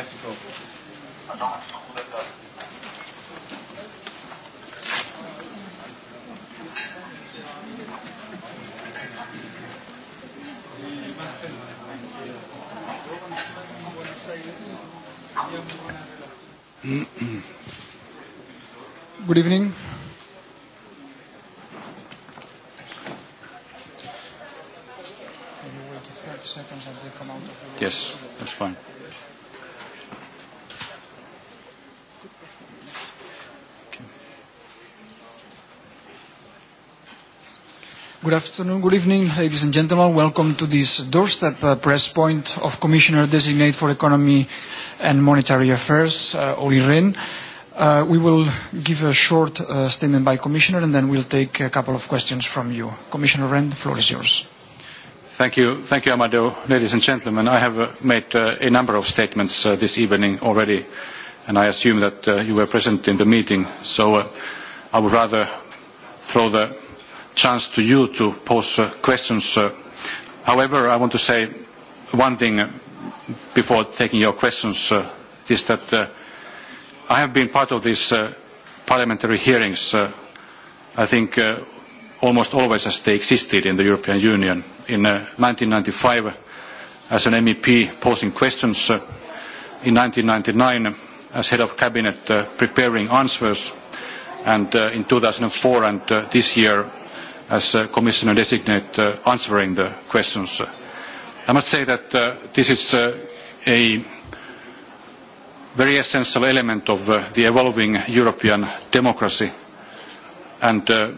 Merci mm-hmm. beaucoup. Good evening. Yes, that's fine. Good afternoon, good evening, ladies and gentlemen. Welcome to this doorstep uh, press point of Commissioner Designate for Economy and Monetary Affairs, uh, Olli Rehn. Uh, we will give a short uh, statement by Commissioner and then we'll take a couple of questions from you. Commissioner Rehn, the floor is yours. Thank you. Thank you, Amado. Ladies and gentlemen, I have uh, made uh, a number of statements uh, this evening already, and I assume that uh, you were present in the meeting, so uh, I would rather throw the chance to you to pose uh, questions. Uh, however, I want to say one thing before taking your questions uh, is that uh, I have been part of these uh, parliamentary hearings, uh, I think, uh, almost always as they existed in the European Union. In uh, 1995, as an MEP posing questions, uh, in 1999, as head of cabinet, uh, preparing answers, and uh, in 2004 and uh, this year, as uh, Commissioner designate uh, answering the questions. I must say that uh, this is uh, a very essential element of uh, the evolving European democracy and uh,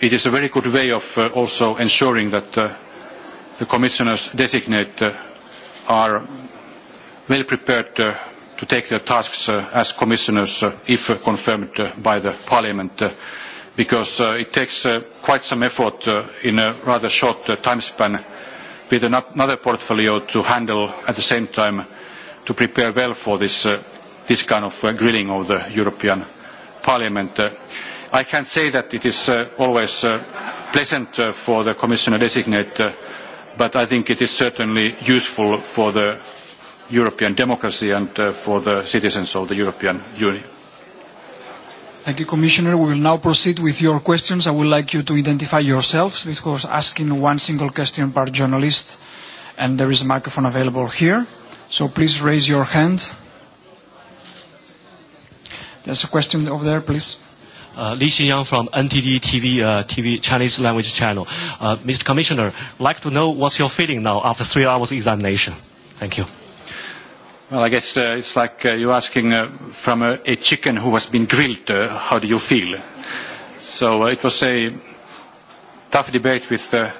it is a very good way of uh, also ensuring that uh, the commissioners designate uh, are well prepared uh, to take their tasks uh, as commissioners uh, if uh, confirmed uh, by the parliament. Uh, because uh, it takes uh, quite some effort uh, in a rather short uh, time span with another portfolio to handle at the same time to prepare well for this, uh, this kind of uh, grilling of the European Parliament. Uh, I can say that it is uh, always uh, pleasant uh, for the Commissioner-designate, uh, but I think it is certainly useful for the European democracy and uh, for the citizens of the European Union. Thank you, Commissioner. We will now proceed with your questions. I would like you to identify yourselves because asking one single question per journalist, and there is a microphone available here. So please raise your hand. There's a question over there, please. Uh, Li Xinyang from NTD TV, uh, TV Chinese language channel. Uh, Mr. Commissioner, like to know what's your feeling now after three hours examination. Thank you. Well, I guess uh, it's like uh, you're asking uh, from a, a chicken who has been grilled, uh, how do you feel? So uh, it was a tough debate with uh,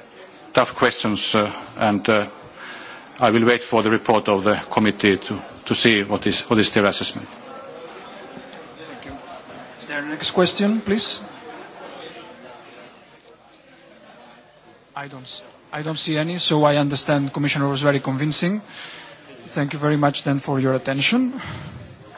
tough questions, uh, and uh, I will wait for the report of the committee to, to see what is, what is their assessment. Thank you. Is there a next question, please? I don't, I don't see any, so I understand Commissioner was very convincing. Uh, Thank you very much then for your attention.